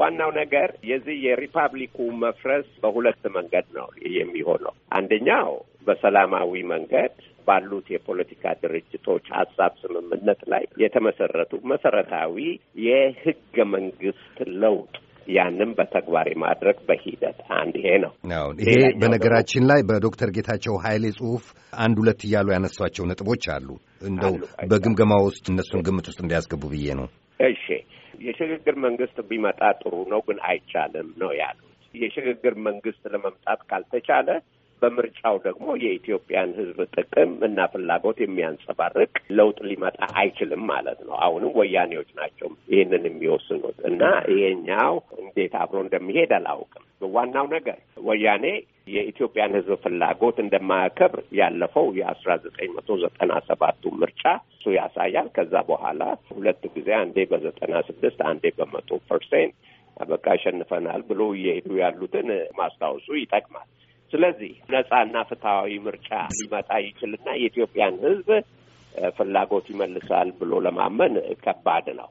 ዋናው ነገር የዚህ የሪፐብሊኩ መፍረስ በሁለት መንገድ ነው የሚሆነው። አንደኛው በሰላማዊ መንገድ ባሉት የፖለቲካ ድርጅቶች ሀሳብ ስምምነት ላይ የተመሰረቱ መሰረታዊ የህገ መንግስት ለውጥ ያንም በተግባር የማድረግ በሂደት አንድ ይሄ ነው። ይሄ በነገራችን ላይ በዶክተር ጌታቸው ኃይሌ ጽሁፍ አንድ ሁለት እያሉ ያነሷቸው ነጥቦች አሉ። እንደው በግምገማ ውስጥ እነሱን ግምት ውስጥ እንዲያስገቡ ብዬ ነው። እሺ የሽግግር መንግስት ቢመጣ ጥሩ ነው፣ ግን አይቻልም ነው ያሉት። የሽግግር መንግስት ለመምጣት ካልተቻለ በምርጫው ደግሞ የኢትዮጵያን ሕዝብ ጥቅም እና ፍላጎት የሚያንጸባርቅ ለውጥ ሊመጣ አይችልም ማለት ነው። አሁንም ወያኔዎች ናቸው ይህንን የሚወስኑት እና ይሄኛው እንዴት አብሮ እንደሚሄድ አላውቅም። ዋናው ነገር ወያኔ የኢትዮጵያን ሕዝብ ፍላጎት እንደማያከብር ያለፈው የአስራ ዘጠኝ መቶ ዘጠና ሰባቱ ምርጫ እሱ ያሳያል። ከዛ በኋላ ሁለት ጊዜ አንዴ በዘጠና ስድስት አንዴ በመቶ ፐርሴንት በቃ አሸንፈናል ብሎ እየሄዱ ያሉትን ማስታወሱ ይጠቅማል። ስለዚህ ነጻና ፍትሐዊ ምርጫ ሊመጣ ይችልና የኢትዮጵያን ህዝብ ፍላጎት ይመልሳል ብሎ ለማመን ከባድ ነው።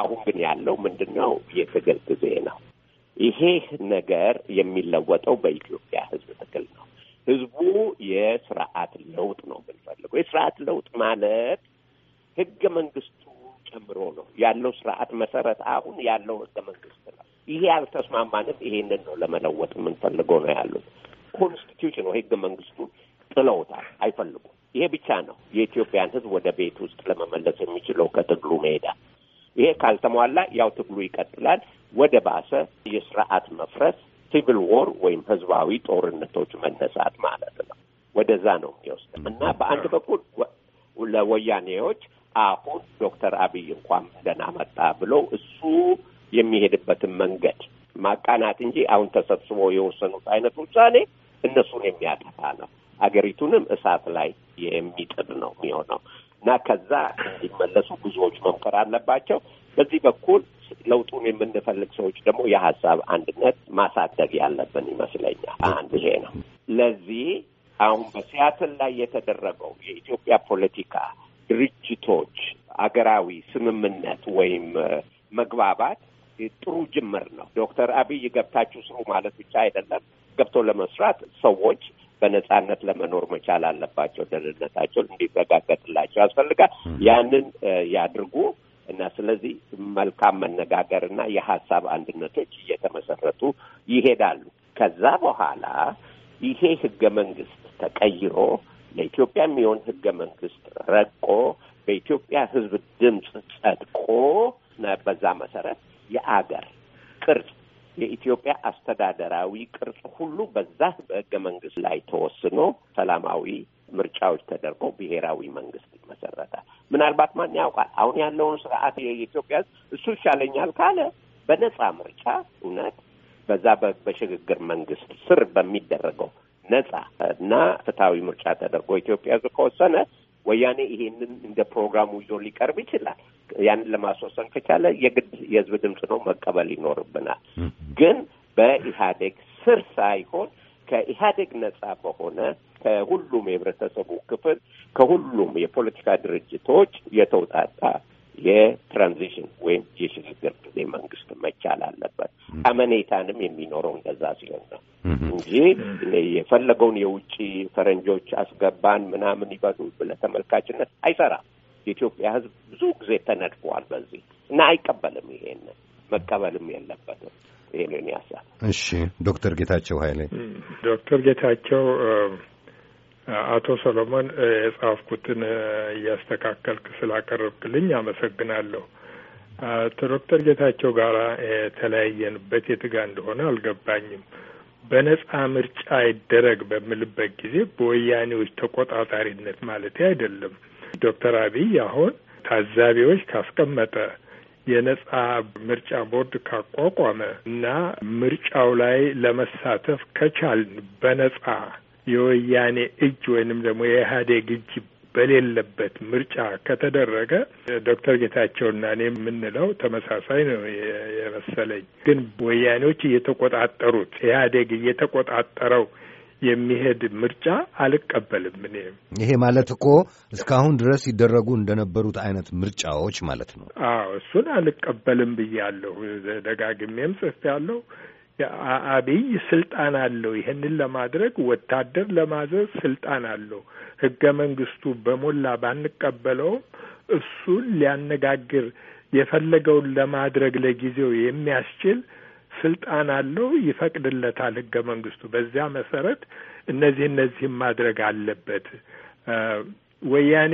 አሁን ግን ያለው ምንድን ነው? የትግል ጊዜ ነው። ይሄ ነገር የሚለወጠው በኢትዮጵያ ህዝብ ትግል ነው። ህዝቡ የስርዓት ለውጥ ነው የምንፈልገው። የስርዓት ለውጥ ማለት ህገ መንግስቱ ጨምሮ ነው ያለው ስርዓት መሰረት አሁን ያለው ህገ መንግስት ነው። ይሄ አልተስማማንም፣ ይሄንን ነው ለመለወጥ የምንፈልገው ነው ያሉት። ኮንስቲቱሽን ህገ መንግስቱን ጥለውታል፣ አይፈልጉም። ይሄ ብቻ ነው የኢትዮጵያን ህዝብ ወደ ቤት ውስጥ ለመመለስ የሚችለው ከትግሉ መሄዳ። ይሄ ካልተሟላ ያው ትግሉ ይቀጥላል፣ ወደ ባሰ የስርዓት መፍረስ ሲቪል ዎር ወይም ህዝባዊ ጦርነቶች መነሳት ማለት ነው። ወደዛ ነው የሚወስድ እና በአንድ በኩል ለወያኔዎች አሁን ዶክተር አብይ እንኳን ደህና መጣ ብለው እሱ የሚሄድበትን መንገድ ማቃናት እንጂ አሁን ተሰብስቦ የወሰኑት አይነት ውሳኔ እነሱን የሚያጠፋ ነው። አገሪቱንም እሳት ላይ የሚጥል ነው የሚሆነው እና ከዛ እንዲመለሱ ብዙዎች መምከር አለባቸው። በዚህ በኩል ለውጡን የምንፈልግ ሰዎች ደግሞ የሀሳብ አንድነት ማሳደግ ያለብን ይመስለኛል። አንድ ይሄ ነው። ለዚህ አሁን በሲያትል ላይ የተደረገው የኢትዮጵያ ፖለቲካ ድርጅቶች አገራዊ ስምምነት ወይም መግባባት ጥሩ ጅምር ነው። ዶክተር አብይ ገብታችሁ ስሩ ማለት ብቻ አይደለም። ገብቶ ለመስራት ሰዎች በነጻነት ለመኖር መቻል አለባቸው። ደህንነታቸው እንዲረጋገጥላቸው ያስፈልጋል። ያንን ያድርጉ እና ስለዚህ መልካም መነጋገር እና የሀሳብ አንድነቶች እየተመሰረቱ ይሄዳሉ። ከዛ በኋላ ይሄ ህገ መንግስት ተቀይሮ ለኢትዮጵያ የሚሆን ህገ መንግስት ረቆ በኢትዮጵያ ህዝብ ድምፅ ጸድቆ በዛ መሰረት የአገር ቅርጽ የኢትዮጵያ አስተዳደራዊ ቅርጽ ሁሉ በዛ በህገ መንግስት ላይ ተወስኖ ሰላማዊ ምርጫዎች ተደርጎ ብሔራዊ መንግስት ይመሰረታል። ምናልባት ማን ያውቃል አሁን ያለውን ስርዓት የኢትዮጵያ እሱ ይሻለኛል ካለ በነጻ ምርጫ እውነት በዛ በሽግግር መንግስት ስር በሚደረገው ነጻ እና ፍትሐዊ ምርጫ ተደርጎ ኢትዮጵያ ህዝብ ከወሰነ ወያኔ ይሄንን እንደ ፕሮግራሙ ይዞ ሊቀርብ ይችላል። ያንን ለማስወሰን ከቻለ የግድ የህዝብ ድምፅ ነው መቀበል ይኖርብናል። ግን በኢህአዴግ ስር ሳይሆን ከኢህአዴግ ነጻ በሆነ ከሁሉም የህብረተሰቡ ክፍል ከሁሉም የፖለቲካ ድርጅቶች የተውጣጣ የትራንዚሽን ወይም የሽግግር ጊዜ መንግስት መቻል አለበት። አመኔታንም የሚኖረው እንደዛ ሲሆን ነው እንጂ የፈለገውን የውጭ ፈረንጆች አስገባን ምናምን ይበሉ ለተመልካችነት አይሰራም። የኢትዮጵያ ሕዝብ ብዙ ጊዜ ተነድፈዋል በዚህ እና አይቀበልም። ይሄንን መቀበልም የለበትም። ይሄንን ያሳ እሺ ዶክተር ጌታቸው ኃይሌ ዶክተር ጌታቸው አቶ ሰሎሞን የጻፍኩትን እያስተካከልክ ስላቀረብክልኝ አመሰግናለሁ። ከዶክተር ጌታቸው ጋር የተለያየንበት የትጋ እንደሆነ አልገባኝም። በነጻ ምርጫ ይደረግ በምልበት ጊዜ በወያኔዎች ተቆጣጣሪነት ማለት አይደለም። ዶክተር አብይ አሁን ታዛቢዎች ካስቀመጠ የነጻ ምርጫ ቦርድ ካቋቋመ እና ምርጫው ላይ ለመሳተፍ ከቻልን በነጻ የወያኔ እጅ ወይንም ደግሞ የኢህአዴግ እጅ በሌለበት ምርጫ ከተደረገ ዶክተር ጌታቸውና እኔ የምንለው ተመሳሳይ ነው የመሰለኝ። ግን ወያኔዎች እየተቆጣጠሩት ኢህአዴግ እየተቆጣጠረው የሚሄድ ምርጫ አልቀበልም። እኔ ይሄ ማለት እኮ እስካሁን ድረስ ሲደረጉ እንደነበሩት አይነት ምርጫዎች ማለት ነው። አዎ እሱን አልቀበልም ብያለሁ፣ ደጋግሜም ጽፌያለሁ። አብይ ስልጣን አለው። ይህንን ለማድረግ ወታደር ለማዘዝ ስልጣን አለው። ህገ መንግስቱ በሞላ ባንቀበለውም እሱን ሊያነጋግር የፈለገውን ለማድረግ ለጊዜው የሚያስችል ስልጣን አለው፣ ይፈቅድለታል ህገ መንግስቱ። በዚያ መሰረት እነዚህ እነዚህም ማድረግ አለበት። ወያኔ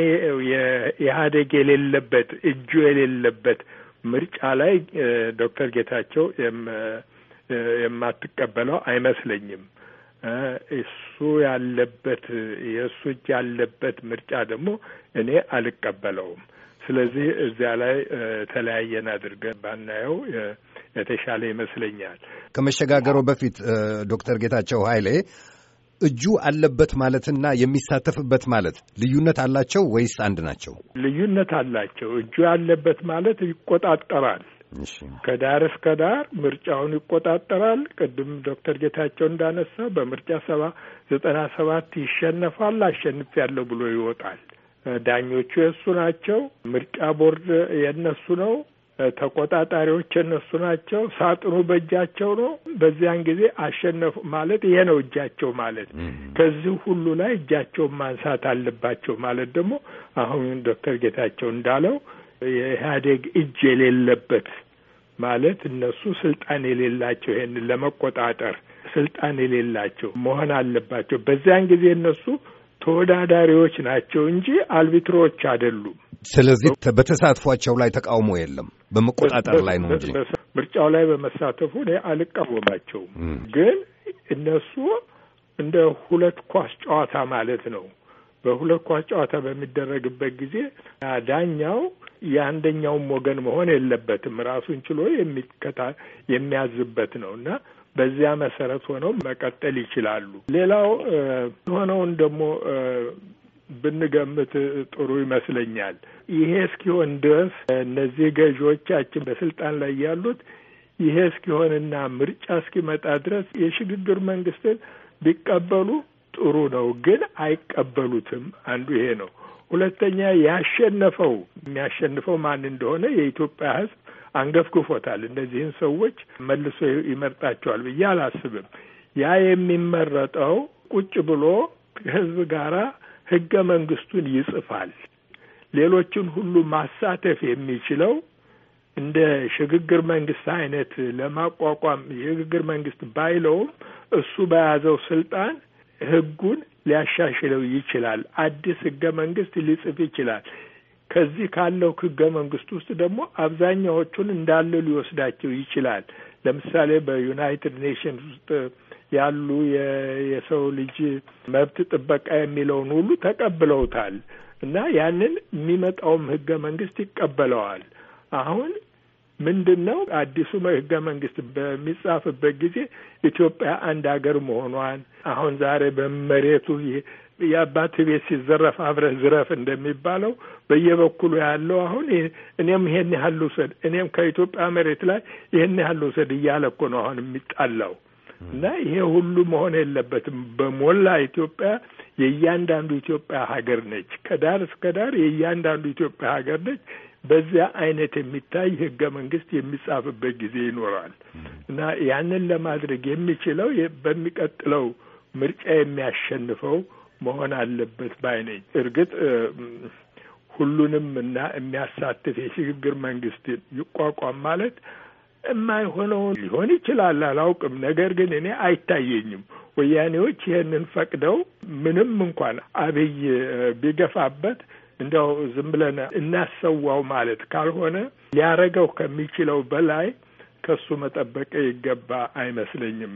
የኢህአዴግ የሌለበት እጁ የሌለበት ምርጫ ላይ ዶክተር ጌታቸው የማትቀበለው አይመስለኝም። እሱ ያለበት የእሱ እጅ ያለበት ምርጫ ደግሞ እኔ አልቀበለውም። ስለዚህ እዚያ ላይ ተለያየን አድርገን ባናየው የተሻለ ይመስለኛል። ከመሸጋገሩ በፊት ዶክተር ጌታቸው ኃይሌ እጁ አለበት ማለትና የሚሳተፍበት ማለት ልዩነት አላቸው ወይስ አንድ ናቸው? ልዩነት አላቸው። እጁ ያለበት ማለት ይቆጣጠራል ከዳር እስከ ዳር ምርጫውን ይቆጣጠራል። ቅድም ዶክተር ጌታቸው እንዳነሳ በምርጫ ሰባ ዘጠና ሰባት ይሸነፋል። አሸንፍ ያለው ብሎ ይወጣል። ዳኞቹ የእሱ ናቸው። ምርጫ ቦርድ የእነሱ ነው። ተቆጣጣሪዎች የእነሱ ናቸው። ሳጥኑ በእጃቸው ነው። በዚያን ጊዜ አሸነፉ ማለት ይሄ ነው እጃቸው ማለት። ከዚህ ሁሉ ላይ እጃቸውን ማንሳት አለባቸው ማለት ደግሞ አሁን ዶክተር ጌታቸው እንዳለው የኢህአዴግ እጅ የሌለበት ማለት እነሱ ስልጣን የሌላቸው ይሄንን ለመቆጣጠር ስልጣን የሌላቸው መሆን አለባቸው። በዚያን ጊዜ እነሱ ተወዳዳሪዎች ናቸው እንጂ አልቢትሮዎች አይደሉም። ስለዚህ በተሳትፏቸው ላይ ተቃውሞ የለም፣ በመቆጣጠር ላይ ነው እንጂ ምርጫው ላይ በመሳተፉ እኔ አልቃወማቸውም። ግን እነሱ እንደ ሁለት ኳስ ጨዋታ ማለት ነው በሁለት ኳስ ጨዋታ በሚደረግበት ጊዜ ዳኛው የአንደኛውም ወገን መሆን የለበትም። ራሱን ችሎ የሚከታ የሚያዝበት ነው እና በዚያ መሰረት ሆነው መቀጠል ይችላሉ። ሌላው ሆነውን ደግሞ ብንገምት ጥሩ ይመስለኛል። ይሄ እስኪሆን ድረስ እነዚህ ገዢዎቻችን በስልጣን ላይ ያሉት ይሄ እስኪሆንና ምርጫ እስኪመጣ ድረስ የሽግግር መንግስትን ቢቀበሉ ጥሩ ነው፣ ግን አይቀበሉትም። አንዱ ይሄ ነው። ሁለተኛ ያሸነፈው የሚያሸንፈው ማን እንደሆነ የኢትዮጵያ ሕዝብ አንገፍግፎታል። እነዚህን ሰዎች መልሶ ይመርጣቸዋል ብዬ አላስብም። ያ የሚመረጠው ቁጭ ብሎ ከህዝብ ጋራ ህገ መንግስቱን ይጽፋል። ሌሎችን ሁሉ ማሳተፍ የሚችለው እንደ ሽግግር መንግስት አይነት ለማቋቋም የሽግግር መንግስት ባይለውም እሱ በያዘው ስልጣን ህጉን ሊያሻሽለው ይችላል። አዲስ ህገ መንግስት ሊጽፍ ይችላል። ከዚህ ካለው ህገ መንግስት ውስጥ ደግሞ አብዛኛዎቹን እንዳለ ሊወስዳቸው ይችላል። ለምሳሌ በዩናይትድ ኔሽንስ ውስጥ ያሉ የሰው ልጅ መብት ጥበቃ የሚለውን ሁሉ ተቀብለውታል እና ያንን የሚመጣውም ህገ መንግስት ይቀበለዋል። አሁን ምንድን ነው አዲሱ ህገ መንግስት በሚጻፍበት ጊዜ ኢትዮጵያ አንድ ሀገር መሆኗን አሁን ዛሬ በመሬቱ የአባት ቤት ሲዘረፍ አብረህ ዝረፍ እንደሚባለው በየበኩሉ ያለው አሁን እኔም ይሄን ያህል ውሰድ፣ እኔም ከኢትዮጵያ መሬት ላይ ይሄን ያህል ውሰድ እያለ እኮ ነው አሁን የሚጣላው። እና ይሄ ሁሉ መሆን የለበትም። በሞላ ኢትዮጵያ የእያንዳንዱ ኢትዮጵያ ሀገር ነች። ከዳር እስከ ዳር የእያንዳንዱ ኢትዮጵያ ሀገር ነች። በዚያ አይነት የሚታይ ህገ መንግስት የሚጻፍበት ጊዜ ይኖራል እና ያንን ለማድረግ የሚችለው በሚቀጥለው ምርጫ የሚያሸንፈው መሆን አለበት ባይ ነኝ። እርግጥ ሁሉንም እና የሚያሳትፍ የሽግግር መንግስት ይቋቋም ማለት የማይሆነውን ሊሆን ይችላል፣ አላውቅም። ነገር ግን እኔ አይታየኝም። ወያኔዎች ይህንን ፈቅደው ምንም እንኳን አብይ ቢገፋበት እንደው ዝም ብለን እናሰዋው ማለት ካልሆነ ሊያረገው ከሚችለው በላይ ከሱ መጠበቅ ይገባ አይመስለኝም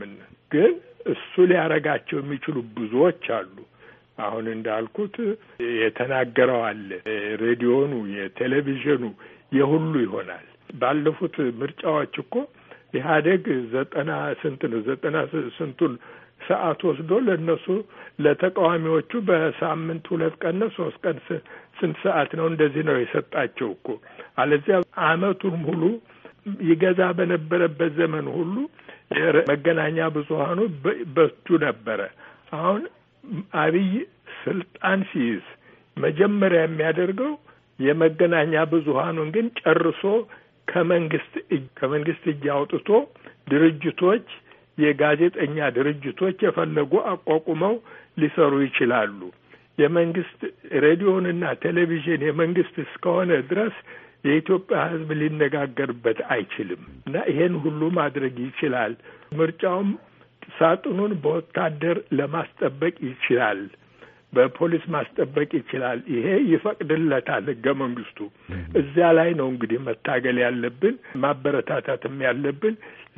ግን እሱ ሊያረጋቸው የሚችሉ ብዙዎች አሉ። አሁን እንዳልኩት የተናገረው አለ፣ ሬዲዮኑ፣ የቴሌቪዥኑ፣ የሁሉ ይሆናል። ባለፉት ምርጫዎች እኮ ኢህአዴግ ዘጠና ስንት ነው ዘጠና ስንቱን ሰዓት ወስዶ ለእነሱ ለተቃዋሚዎቹ በሳምንት ሁለት ቀን ሶስት ቀን ስንት ሰዓት ነው? እንደዚህ ነው የሰጣቸው እኮ። አለዚያ አመቱን ሙሉ ይገዛ በነበረበት ዘመን ሁሉ መገናኛ ብዙሀኑ በእጁ ነበረ። አሁን አብይ ስልጣን ሲይዝ መጀመሪያ የሚያደርገው የመገናኛ ብዙሀኑን ግን ጨርሶ ከመንግስት ከመንግስት እጅ አውጥቶ ድርጅቶች የጋዜጠኛ ድርጅቶች የፈለጉ አቋቁመው ሊሰሩ ይችላሉ። የመንግስት ሬዲዮንና ቴሌቪዥን የመንግስት እስከሆነ ድረስ የኢትዮጵያ ሕዝብ ሊነጋገርበት አይችልም እና ይሄን ሁሉ ማድረግ ይችላል። ምርጫውም ሳጥኑን በወታደር ለማስጠበቅ ይችላል። በፖሊስ ማስጠበቅ ይችላል። ይሄ ይፈቅድለታል ህገ መንግስቱ። እዚያ ላይ ነው እንግዲህ መታገል ያለብን ማበረታታትም ያለብን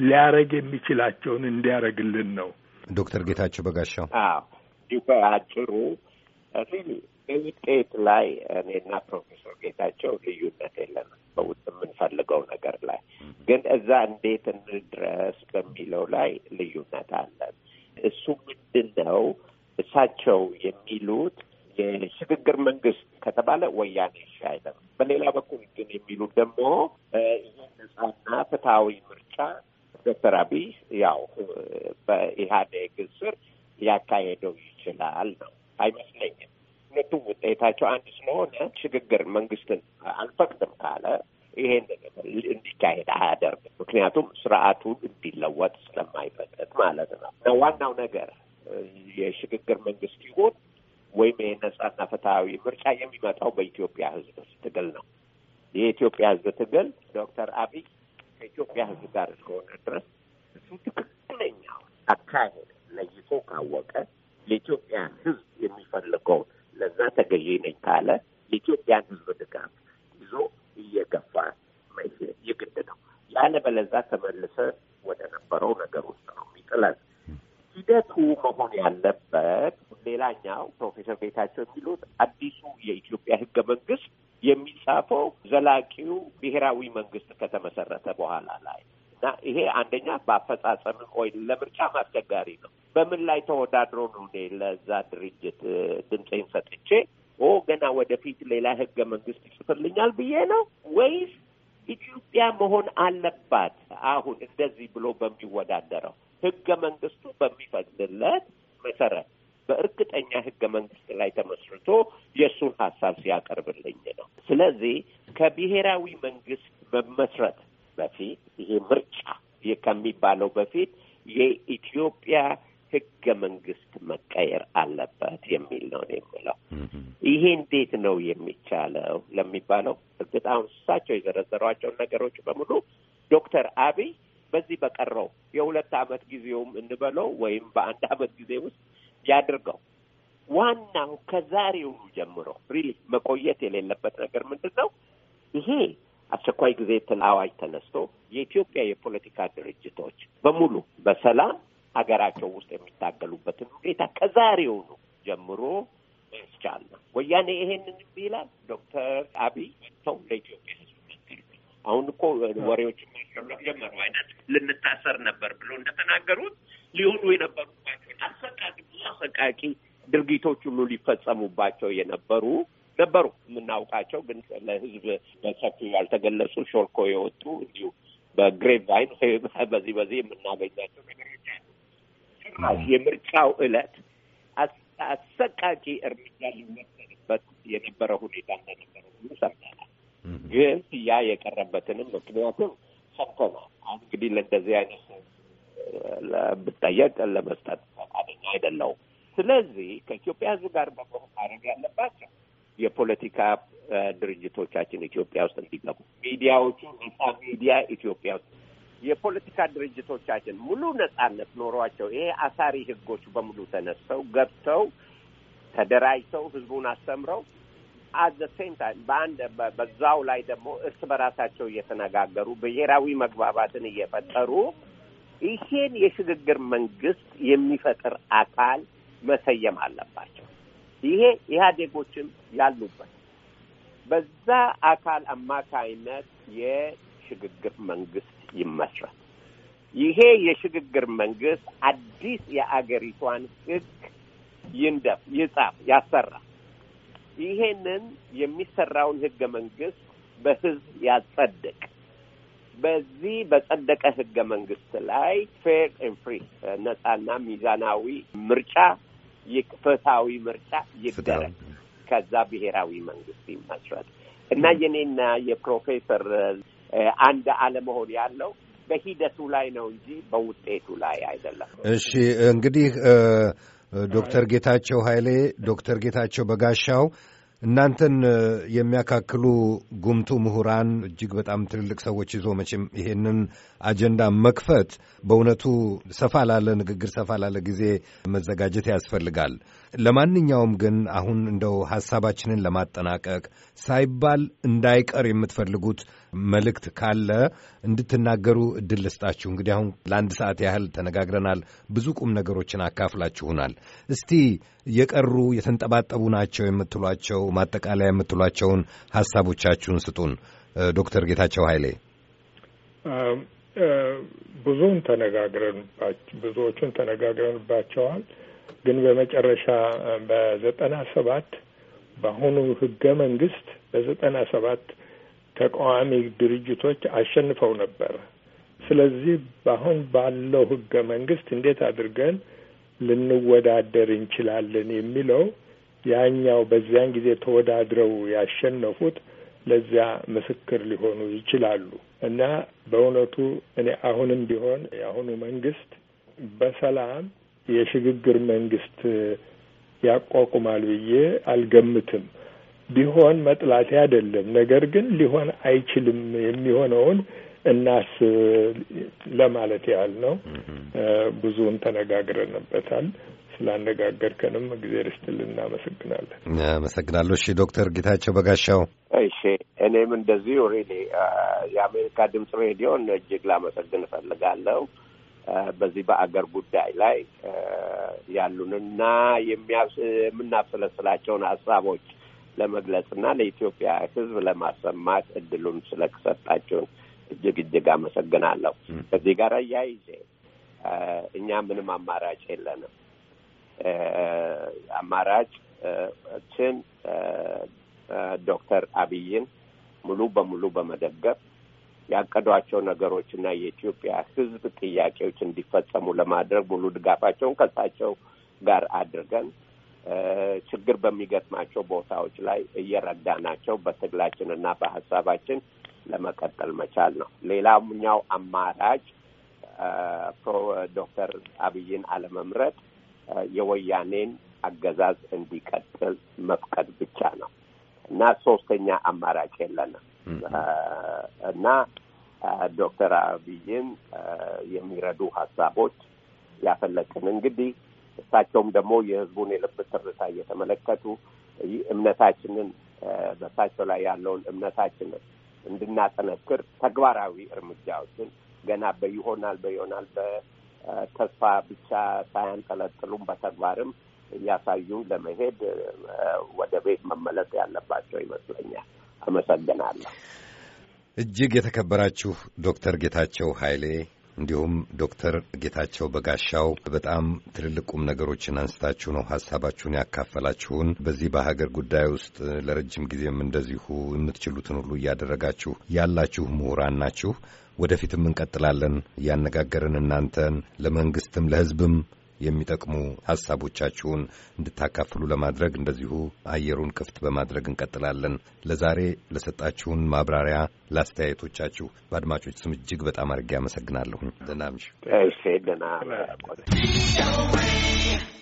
ሊያረግ የሚችላቸውን እንዲያረግልን ነው። ዶክተር ጌታቸው በጋሻው አዎ፣ ይህ በውጤት ላይ እኔና ፕሮፌሰር ጌታቸው ልዩነት የለንም። በውጥ የምንፈልገው ነገር ላይ ግን እዛ እንዴት እንድረስ በሚለው ላይ ልዩነት አለን። እሱ ምንድን ነው? እሳቸው የሚሉት የሽግግር መንግስት ከተባለ ወያኔ እሺ አይለም። በሌላ በኩል ግን የሚሉት ደግሞ ነጻና ፍትሐዊ ምርጫ ዶክተር አብይ ያው በኢህአዴግ ስር ሊያካሄደው ይችላል ነው አይመስለኝም። ሁለቱም ውጤታቸው አንድ ስለሆነ ሽግግር መንግስትን አልፈቅድም ካለ ይሄን እንዲካሄድ አያደርግም። ምክንያቱም ስርዓቱ እንዲለወጥ ስለማይፈቅድ ማለት ነው። ዋናው ነገር የሽግግር መንግስት ይሁን ወይም የነጻና ፍትሐዊ ምርጫ የሚመጣው በኢትዮጵያ ህዝብ ትግል ነው። የኢትዮጵያ ህዝብ ትግል ዶክተር አብይ ከኢትዮጵያ ህዝብ ጋር እስከሆነ ድረስ እሱ ትክክለኛ አካሄድ ለይቶ ካወቀ የኢትዮጵያ ህዝብ የሚፈልገውን ለዛ ተገዢ ነኝ ካለ የኢትዮጵያን ህዝብ ድጋፍ ይዞ እየገፋ መሄድ የግድ ነው። ያለበለዛ ተመልሰ ዳኛው ፕሮፌሰር ቤታቸው የሚሉት አዲሱ የኢትዮጵያ ህገ መንግስት የሚጻፈው ዘላቂው ብሔራዊ መንግስት ከተመሰረተ በኋላ ላይ እና ይሄ አንደኛ በአፈጻጸም ወይ ለምርጫ አስቸጋሪ ነው። በምን ላይ ተወዳድሮ ነው እኔ ለዛ ድርጅት ድምፄን ሰጥቼ ኦ ገና ወደፊት ሌላ ህገ መንግስት ይጽፍልኛል ብዬ ነው ወይስ ኢትዮጵያ መሆን አለባት አሁን እንደዚህ ብሎ በሚወዳደረው ህገ መንግስቱ በሚፈቅድለት መሰረት በእርግጠኛ ህገ መንግስት ላይ ተመስርቶ የእሱን ሀሳብ ሲያቀርብልኝ ነው። ስለዚህ ከብሔራዊ መንግስት መመስረት በፊት ይሄ ምርጫ ከሚባለው በፊት የኢትዮጵያ ህገ መንግስት መቀየር አለበት የሚል ነው የሚለው። ይሄ እንዴት ነው የሚቻለው ለሚባለው እርግጥ አሁን እሳቸው የዘረዘሯቸውን ነገሮች በሙሉ ዶክተር አብይ በዚህ በቀረው የሁለት አመት ጊዜውም እንበለው ወይም በአንድ አመት ጊዜ ውስጥ ያድርገው። ዋናው ከዛሬውኑ ጀምሮ ሪሊ መቆየት የሌለበት ነገር ምንድን ነው? ይሄ አስቸኳይ ጊዜ አዋጅ ተነስቶ የኢትዮጵያ የፖለቲካ ድርጅቶች በሙሉ በሰላም ሀገራቸው ውስጥ የሚታገሉበትን ሁኔታ ከዛሬውኑ ጀምሮ ያስቻል ነው። ወያኔ ይሄንን ይላል። ዶክተር አብይ ሰው ለኢትዮጵያ አሁን እኮ ወሬዎች ጀመሩ አይነት ልንታሰር ነበር ብሎ እንደተናገሩት ሊሆኑ የነበሩ አሰቃቂ አሰቃቂ ድርጊቶች ሁሉ ሊፈጸሙባቸው የነበሩ ነበሩ የምናውቃቸው፣ ግን ለህዝብ በሰፊው ያልተገለጹ ሾልኮ የወጡ እንዲሁ በግሬቭ ቫይን በዚህ በዚህ የምናገኛቸው ነገሮች የምርጫው እለት አሰቃቂ እርምጃ ሊወሰድበት የነበረ ሁኔታ እንደነበረ ሁሉ ሰምተናል። ግን ያ የቀረበትንም ምክንያቱም ሰምተናል። አሁን እንግዲህ ለእንደዚህ አይነት ብጠየቅ ለመስጠት አይደለውም። ስለዚህ ከኢትዮጵያ ሕዝብ ጋር በመሆን ማድረግ ያለባቸው የፖለቲካ ድርጅቶቻችን ኢትዮጵያ ውስጥ እንዲገቡ፣ ሚዲያዎቹ ነጻ ሚዲያ ኢትዮጵያ ውስጥ የፖለቲካ ድርጅቶቻችን ሙሉ ነጻነት ኖሯቸው ይሄ አሳሪ ህጎች በሙሉ ተነስተው ገብተው ተደራጅተው ህዝቡን አስተምረው አት ዘ ሴም ታይም በአንድ በዛው ላይ ደግሞ እርስ በራሳቸው እየተነጋገሩ ብሔራዊ መግባባትን እየፈጠሩ ይሄን የሽግግር መንግስት የሚፈጥር አካል መሰየም አለባቸው። ይሄ ኢህአዴጎችም ያሉበት በዛ አካል አማካይነት የሽግግር መንግስት ይመስረት። ይሄ የሽግግር መንግስት አዲስ የአገሪቷን ህግ ይንደፍ፣ ይጻፍ፣ ያሰራ። ይሄንን የሚሰራውን ህገ መንግስት በህዝብ ያጸድቅ። በዚህ በጸደቀ ህገ መንግስት ላይ ፌር ኤን ፍሪ ነጻና ሚዛናዊ ምርጫ ፍትሃዊ ምርጫ ይደረግ፣ ከዛ ብሔራዊ መንግስት ይመስረት እና የኔና የፕሮፌሰር አንድ አለመሆን ያለው በሂደቱ ላይ ነው እንጂ በውጤቱ ላይ አይደለም። እሺ እንግዲህ ዶክተር ጌታቸው ኃይሌ ዶክተር ጌታቸው በጋሻው እናንተን የሚያካክሉ ጉምቱ ምሁራን እጅግ በጣም ትልልቅ ሰዎች ይዞ መቼም ይሄንን አጀንዳ መክፈት በእውነቱ ሰፋ ላለ ንግግር፣ ሰፋ ላለ ጊዜ መዘጋጀት ያስፈልጋል። ለማንኛውም ግን አሁን እንደው ሐሳባችንን ለማጠናቀቅ ሳይባል እንዳይቀር የምትፈልጉት መልእክት ካለ እንድትናገሩ እድል ልስጣችሁ። እንግዲህ አሁን ለአንድ ሰዓት ያህል ተነጋግረናል። ብዙ ቁም ነገሮችን አካፍላችሁናል። እስቲ የቀሩ የተንጠባጠቡ ናቸው የምትሏቸው ማጠቃለያ የምትሏቸውን ሀሳቦቻችሁን ስጡን። ዶክተር ጌታቸው ኃይሌ ብዙን ተነጋግረንባቸው ብዙዎቹን ተነጋግረንባቸዋል። ግን በመጨረሻ በዘጠና ሰባት በአሁኑ ህገ መንግስት በዘጠና ሰባት ተቃዋሚ ድርጅቶች አሸንፈው ነበር። ስለዚህ በአሁን ባለው ህገ መንግስት እንዴት አድርገን ልንወዳደር እንችላለን የሚለው ያኛው በዚያን ጊዜ ተወዳድረው ያሸነፉት ለዚያ ምስክር ሊሆኑ ይችላሉ እና በእውነቱ እኔ አሁንም ቢሆን የአሁኑ መንግስት በሰላም የሽግግር መንግስት ያቋቁማል ብዬ አልገምትም። ቢሆን መጥላቴ አይደለም። ነገር ግን ሊሆን አይችልም የሚሆነውን እናስ ለማለት ያህል ነው። ብዙውን ተነጋግረንበታል። ስላነጋገርከንም እግዜር ይስጥልን፣ እናመሰግናለን። አመሰግናለሁ። እሺ ዶክተር ጌታቸው በጋሻው። እሺ እኔም እንደዚሁ ሪሊ የአሜሪካ ድምጽ ሬዲዮን እጅግ ላመሰግን እፈልጋለሁ በዚህ በአገር ጉዳይ ላይ ያሉንና የምናብሰለስላቸውን ሀሳቦች ለመግለጽና ለኢትዮጵያ ሕዝብ ለማሰማት እድሉን ስለሰጣቸውን እጅግ እጅግ አመሰግናለሁ። ከዚህ ጋር እያይዜ እኛ ምንም አማራጭ የለንም። አማራጭችን ዶክተር አብይን ሙሉ በሙሉ በመደገፍ ያቀዷቸው ነገሮችና የኢትዮጵያ ሕዝብ ጥያቄዎች እንዲፈጸሙ ለማድረግ ሙሉ ድጋፋቸውን ከሳቸው ጋር አድርገን ችግር በሚገጥማቸው ቦታዎች ላይ እየረዳ ናቸው በትግላችንና በሀሳባችን ለመቀጠል መቻል ነው። ሌላኛው አማራጭ ፕሮ ዶክተር አብይን አለመምረጥ የወያኔን አገዛዝ እንዲቀጥል መፍቀድ ብቻ ነው እና ሶስተኛ አማራጭ የለንም እና ዶክተር አብይን የሚረዱ ሀሳቦች ያፈለቅን እንግዲህ እሳቸውም ደግሞ የህዝቡን የልብ ትርታ እየተመለከቱ እምነታችንን በእሳቸው ላይ ያለውን እምነታችንን እንድናጠነክር ተግባራዊ እርምጃዎችን ገና በይሆናል በይሆናል በተስፋ ብቻ ሳያንጠለጥሉም በተግባርም እያሳዩ ለመሄድ ወደ ቤት መመለስ ያለባቸው ይመስለኛል። አመሰግናለሁ። እጅግ የተከበራችሁ ዶክተር ጌታቸው ኃይሌ እንዲሁም ዶክተር ጌታቸው በጋሻው በጣም ትልልቅ ቁም ነገሮችን አንስታችሁ ነው ሀሳባችሁን ያካፈላችሁን። በዚህ በሀገር ጉዳይ ውስጥ ለረጅም ጊዜም እንደዚሁ የምትችሉትን ሁሉ እያደረጋችሁ ያላችሁ ምሁራን ናችሁ። ወደፊትም እንቀጥላለን እያነጋገርን እናንተን ለመንግስትም ለህዝብም። የሚጠቅሙ ሐሳቦቻችሁን እንድታካፍሉ ለማድረግ እንደዚሁ አየሩን ክፍት በማድረግ እንቀጥላለን። ለዛሬ ለሰጣችሁን ማብራሪያ፣ ለአስተያየቶቻችሁ በአድማጮች ስም እጅግ በጣም አድርጌ አመሰግናለሁኝ። ደህና እሺ፣